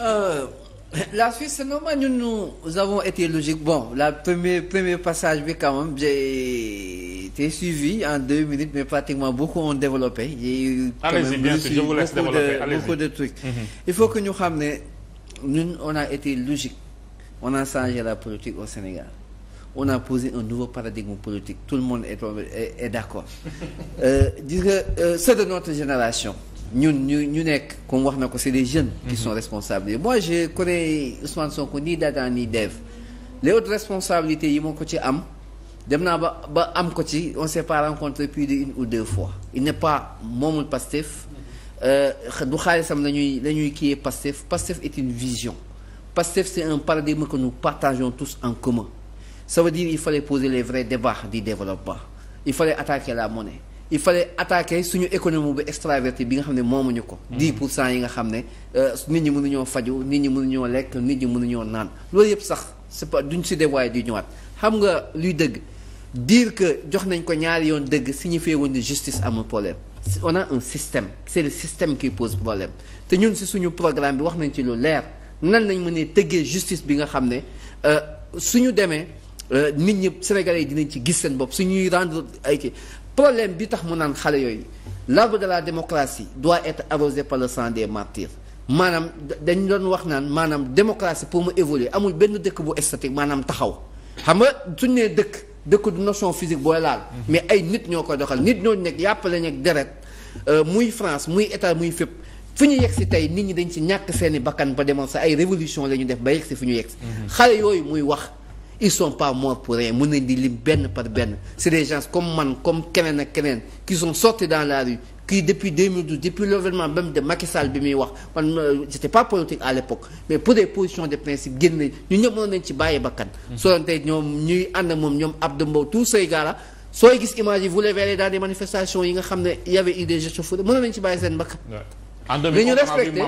Euh, la Suisse normalement ñun nous avons été logique bon la premier premier passage bi quand même j'ai été suivi en deux minutes mais pratiquement beaucoup ont développé. j'ai quand même bien sûr, je de trucs. Mhm. il faut que ñu xam ne ñun on a été logique on a changé la politique au Sénégal. on a posé un nouveau paradigme politique tout le monde est est, est d'accord. gis euh, nga euh, c'est de notre génération. ñun ñu ñu nekk comme wax na ko c'est des jeunes. qui sont responsables moi je connais Ousmane Sonko nii Dada nii Dev les autres responsabilités yi moo ko ci am dem naa ba ba am ko ci on s'est pas rencontré plus d'une ou deux fois il n'est pas moomul Pastef euh, du xaalisam la ñuy la ñuy kiyee Pastef Pastef est une vision Pastef c'est un paradigme que nous partageons tous en commun ça veut dire il fallait poser les vrais de baax di développement il fallait attaquer la monnaie il fallait attaquer suñu économie bu extraverti bi nga xam ne moomuñu ko. 10 mm. pour cent yi nga xam ne euh, nit ñi mënuñoo faju nit ñi mënuñoo lekk nit ñi mënuñoo naan loolu yëpp sax c'est pas duñ si waaye di ñëwaat xam nga luy dëgg dire que jox nañ ko ñaari yoon dëgg signifie woon ne justice amul problème. on a un système c'est le système qui pose problème te ñun si suñu programme bi wax nañ ci lu leer nan lañ mënee tëggee justice bi nga xam ne euh, suñu demee euh, nit ñi Sénégalais yi dinañ ci gis seen bopp suñuy rendre ay kii problème bi tax mu naan xale yooyu l'arbre de la démocratie doit être arrosé par le sang des martyrs maanaam dañ doon wax naan maanaam démocratie pour mu évoluer amul benn dëkk bu statique maanaam taxaw xam nga suñ nee dëkk dëkk du notion physique booy laal mhm. mais ay nit ñoo ko doxal nit ñoo nekk yàppale nekk deret euh, muy France muy état muy fépp fu ñu yegsi tey nit ñi dañ si ñàkk seeni bakkan ba demoon sa ay révolution la ñu def ba yegsi fu ñu yegsi mhm. xale yooyu ils sont pas morts pour rien mun nañ di lim benn par benn c'est des gens comme man comme keneen ak keneen qui sont sortis dans la rue qui depuis 2012 depuis le gouvernement même de Macky Sall bi muy wax man euh, j'étais pas politique à l'époque mais pour des positions de principe génn ñu ñëpp mënoon ci bàyyi bakkan mm-hmm. soo tey ñoom ñuy ànd moom ñoom Abdou Mbow tous ces gars là sooy gis image yi vous les dans des manifestations yi nga xam ne y avait de foule mais ñu respecté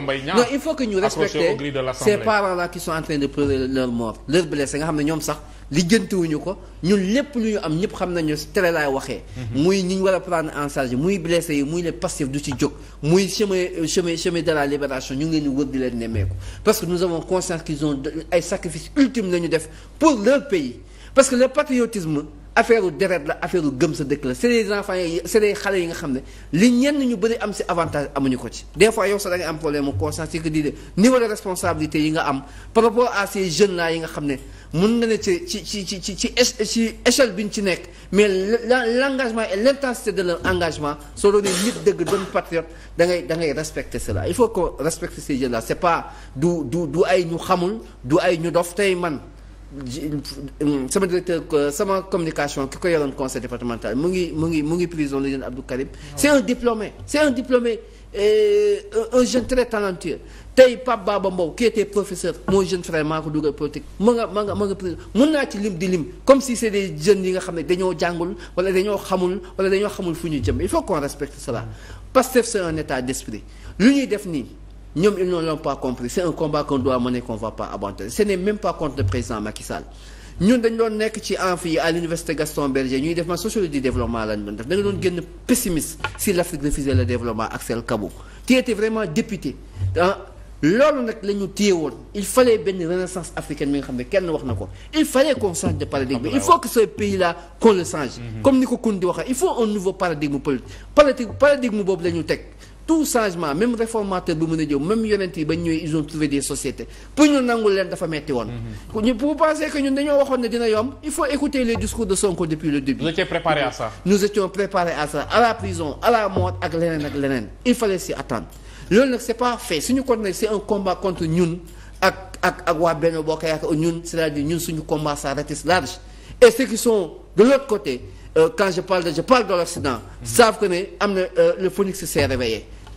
il faut que ñu respecté ces parents là qui sont en train de pleurer leur mort leur blessé nga xam ne ñoom sax lijjantiwuñu ko ñun lépp lu ñu am ñëpp xam nañu télé laay waxee mhm. muy ñi ñu war a prendre en charge muy blessé yi muy les passifs du ci jóg muy chemin euh, chemin chemin de la libération ñu ngi leen di wër di leen nemmeeku parce que nous avons conscience qu'ils ont ay sacrifices ultimes la def pour leur pays parce que le patriotisme affaire u deret la affaire u gëm sa dëkk la c'est des enfants yi xale yi nga xam ne li ñenn ñu bëri am si avantage amuñu ko ci des fois yow sax da am problème mu conscience yi que di de niveau de am par rapport à ces jeunes là yi nga xam ne mun na ci ci ci ci ci ci bi ñu ci nekk mais l'engagement et l'intensité de leur engagement soo doonee nit dëgg doon patriote da ngay da ngay respecter cela il faut que respecter ces jeunes là c'est pas du du du ay ñu xamul du ay ñu dof tey man sama directeur euh, sama communication ki ko yoroon conseil départemental mu ngi mu ngi mu ngi prison la jeune Abdou Karim ah. c'est un diplômé c'est un diplômé euh, un jeune très talentueux tey Pape Baba Mbow qui professeur moo jeune frère maa ko dugal politique ma nga ma nga ma nga prison mën naa ci lim di lim comme si c'est des jeunes yi nga xam ne dañoo jàngul wala dañoo xamul wala dañoo xamul fu ñu jëm il faut qu'on respecte cela Pastef c'est un état d'esprit lu ñuy def nii ñoom ils ne l'ont pas compris c'est un combat qu'on doit mener qu'on va pas abandonner ce n'est même pas contre le président Macky Sall ñun doon nekk ci en fii à l'université Gaston Berger ñuy def ma sociologie du développement lañ def da doon génn pessimiste si l'Afrique refusait le développement Axel Kabou tu étais vraiment député ah, loolu nag la ñu woon il fallait benn renaissance africaine mi nga xam ne kenn wax na ko il fallait qu'on change de paradigme ah, il faut que ce pays tout changement même réformateur bu mën a jëw même yonent yi ba ñëwee ils ont trouvé des sociétés pour ñu nangul leen dafa metti woon. Mhm. ñu pour penser que ñun dañoo waxoon ne dina yomb il faut écouter les discours de Sonko depuis le début. nous étions préparés à ça. à la prison à la mort ak leneen ak leneen il fallait s'y attendre loolu nag c'est pas fait suñu kon nag c'est un combat contre ñun ak ak ak waa Benno Bokk Yaakaar ñun c'est-à-dire ñun suñu combat ça reste large et ceux qui sont euh, mhm. am na euh, le phénix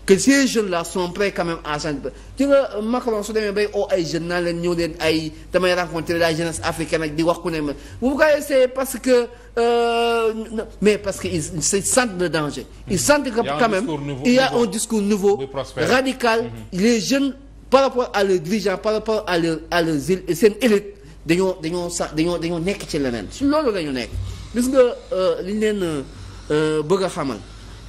que ces jeunes là sont prêts quand même à changer ci nga Macron su demee bay oo ay jeunes naan leen ñëw leen ay damay rencontrer la jeunesse africaine ak di wax ku ne ma vous voyez parce que euh, mais parce que ils se sentent le danger. ils mmh. sentent que quand même nouveau, il y a un discours nouveau radical mm-hmm. les jeunes par rapport à leurs dirigeants par rapport à leur à leurs seen élite dañoo dañoo sax dañoo dañoo nekk ci leneen si loolu la ñu nekk gis nga euh, li ñu leen euh, bëgg a xamal.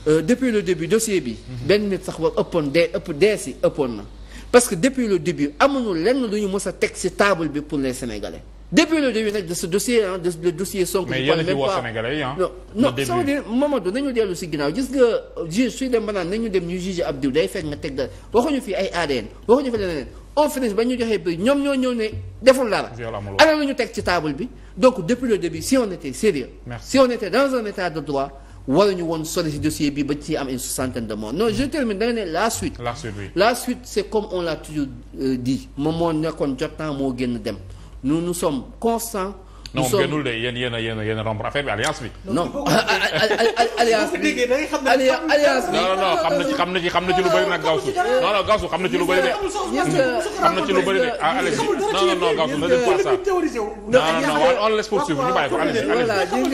Euh, depuis le début dossier bi. benn nit sax war ëppoon dee ëpp dee si ëppoon na. parce que depuis le début amuñu lenn lu ñu mës a teg ci table bi pour les sénégalais depuis le début nag de ce dossier ah de le dossier Sonko. mais yéen a nañu dellu ci ginnaaw gis nga juge suy dem ba naan nañu dem ñu juge ab diw day fekk nga teg dara waxuñu fi ay ADN waxuñu fi leneen on finit ba ñu joxee prix ñoom ñoo ñëw ne deful dara. ana lu ñu teg ci table bi donc depuis le début si on était ñu woon sori si dossier bi ba ci am une soixantaine de morts non je hmm. termine da nga ne la suite. la suite oui. la suite c' est comme on l'a toujours euh, dit moom moo nekkoon jot temps moo génn dem nous nous sommes constants. nous sommes non gënul de yéen yéen a yéen a yéen a rompre affaire bi alliance bi. non alliance bi alliance bi. non non xam na ci xam na ci xam na ci lu bëri nag Gaoussou. non non Gaoussou xam na ci lu bëri de. xam na ci lu bëri de ah allez-y non non non Gaoussou ne dis pas ça. non non on laisse poursuivre ñu bàyyi ko allez-y allez-y.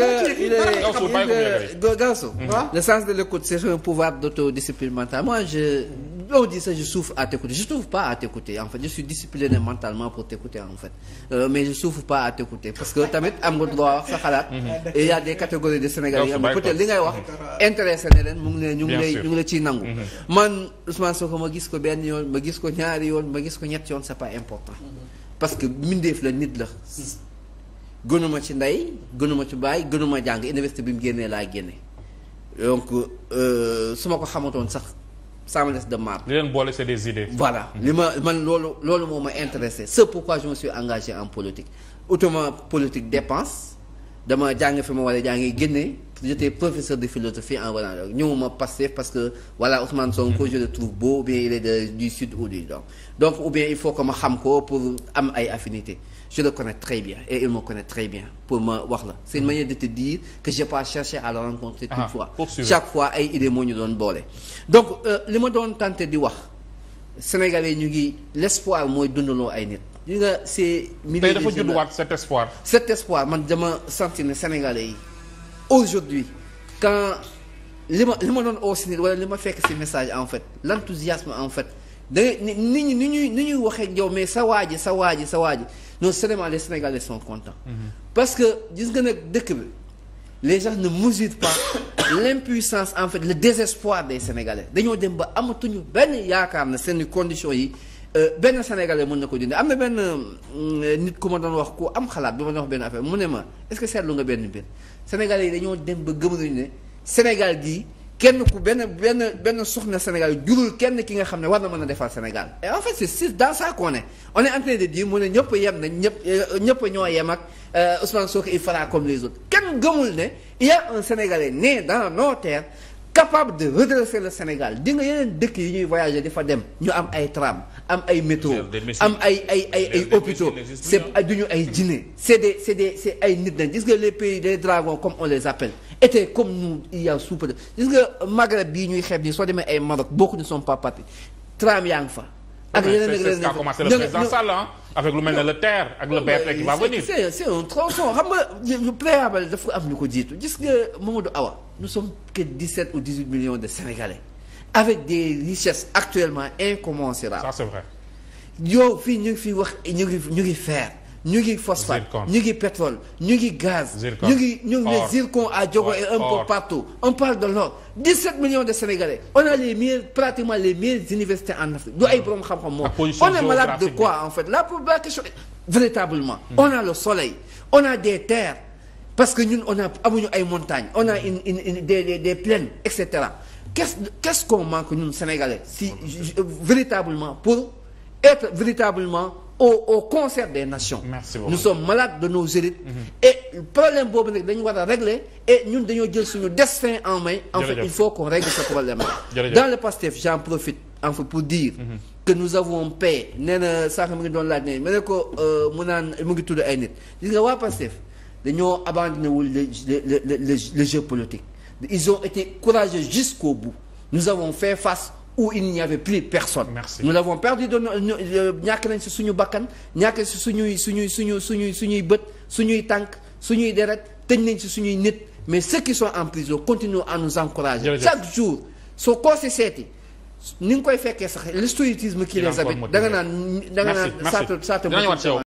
Gaoussou le sens de l'écoute c'est un pouvoir d'autodisciplinement moi je. loolu di ça je souffre à t'écouter je souffre pas à t'écouter en fait je suis discipliné mentalement pour t'écouter en fait euh, mais je souffre pas à t'écouter parce que tamit am nga droit wax sa xalaat mhm. et il y a des catégories de Sénégalais yi am peut-être li ngay wax intéressé na leen mu ngi ne ñu ngi lay ñu ngi la ciy nangu mhm. man Ousmane Sonko ma gis ko benn yoon ma gis ko ñaari yoon ma gis ko ñetti yoon c'est pas important mhm. parce que mbindeef la nit la gënuma ci ndey gënuma ci baay gënuma jàng université bi mu génnee laa génne donc euh, su ma ko xamatoon sax semblance de marque. li leen boole c'est des idées. voilà mm-hmm. li ma man loolu loolu moo ma intéressé c'est pourquoi je me suis engagé en politique autrement politique dépense dama jàng fi ma war jaa jàngi génne j'étais professeur de philosophie en Hollande ñëwuma Pastef parce que voilà Ousmane Sonko mm-hmm. je le trouve beau ou bien il est de, du sud ou du faut que ma xam ko pour am ay affinités je le connais très bien et il me connaît très bien pour ma wax la c'est une mm-hmm. manière de te dire que j'ai pas cherché à le rencontrer toutefois ah, chaque fois ay idées moo ñu doon boole donc euh, li ma doon tenté di wax Sénégalais ñu ngi l'espoir mooy dundaloo ay nit ñu nga c'est milieu tey dafa judduwaat cet espoir cet espoir aujourd'hui quand li ma li ma doon oo si nit wala li ma fekk si message en fait l'enthousiasme en fait da ni ni ni ñuy ni ñuy waxee yow mais sa waa ji sa waa ji sa waa ji non seulement les Sénégalais sont contents. Mhm. parce que gis nga nag dëkk bi les gens ne mesurent pas l'impuissance en fait le désespoir des Sénégalais dañoo dem ba amatuñu benn yaakaar na seen conditions yi. Euh, benn sénégalais mën na ko jënd am na benn mm, nit ku ma doon wax ku am xalaat bi ma doon wax benn affaire mu ne ma est-ce que seetlu nga benn benn sénégalais yi dañoo dem ba gëm nañu ne Sénégal gii kenn ku benn benn benn soxna Sénégal jurul kenn ki nga xam ne war na mën a defar Sénégal. et en fait c'est c'est dans ça qu'on est on est mu ne ñëpp yem na ñëpp euh, ñëpp ñoo yem ak euh, Ousmane Sonko il fera comme les autres kenn gëmul ne il y a un sénégalais né capable de redresser le Sénégal di yeneen dëkk yi ñuy voyager di dem ñu am ay tram am ay métro am ay ay ay ay hôpitaux c'est du ñu ay jinne c'est des c'est ay nit nañ gis nga le pays des dragons comme on les appelle étaient comme nous il y a soupe gis nga Maghreb bii ñuy xeeb nii soo demee ay Maroc beaucoup ne sont pas partis tram yaa ngi fa ak yeneen ak yeneen commencé mel ne le terre ak le BRT qui va venir c'est un tronçon xam nga préalable dafa am ñu ko jiitu gis nga Mamadou Awa nous sommes que 17 ou 18 millions de Sénégalais avec des richesses actuellement incommensurables. Ça c'est fii ñu ngi fi wax ñu ngi ñu ngi fer ñu ngi phosphate ñu ngi pétrole ñu ngi gaz. ñu ngi ñu ngi à Diogo et un peu partout. on parle de l'or 17 millions de Sénégalais on a les meilleurs pratiquement les meilleures universités en Afrique du hmm. ay borom xam-xam en fait la question véritablement. Hmm. on a le soleil on a des terres. parce que ñun on a amuñu ay montagnes on a mm-hmm. une une, une des, des des plaines et cetera qu'est-ce qu'est-ce qu'on manque ñun sénégalais si mm-hmm. véritablement pour être véritablement au au concert des nations. Merci some nous sommes malades de nos élites. Mm-hmm. et problème boobu nag dañu war a régler et ñun dañoo jël suñu destin en main. en fait il faut qu'on règle ce problème là. dans le PASTEF j'en profite en fait pour dire. que nous avons paix nee na sànq mi ngi doon laaj ne ma ne ko euh, mu naan mu ngi tudd ay nit gis nga dañoo abandonné wul le le le le jeu politique ils ont été courageux jusqu'au bout nous avons fait face où il n'y avait plus personne. merci nous l'avons perdu de ñàkk nañ si suñu bakkan ñàkk si suñuy suñuy suñuy suñuy suñuy bët suñuy tànk suñuy deret tëj nañ si suñuy nit mais ce qui sont en prison continuent à nous encourager. chaque jour soo ko si seeti. ni nga koy fekkee sax l'historitisme qui les habite da nga naan da nga naan. merci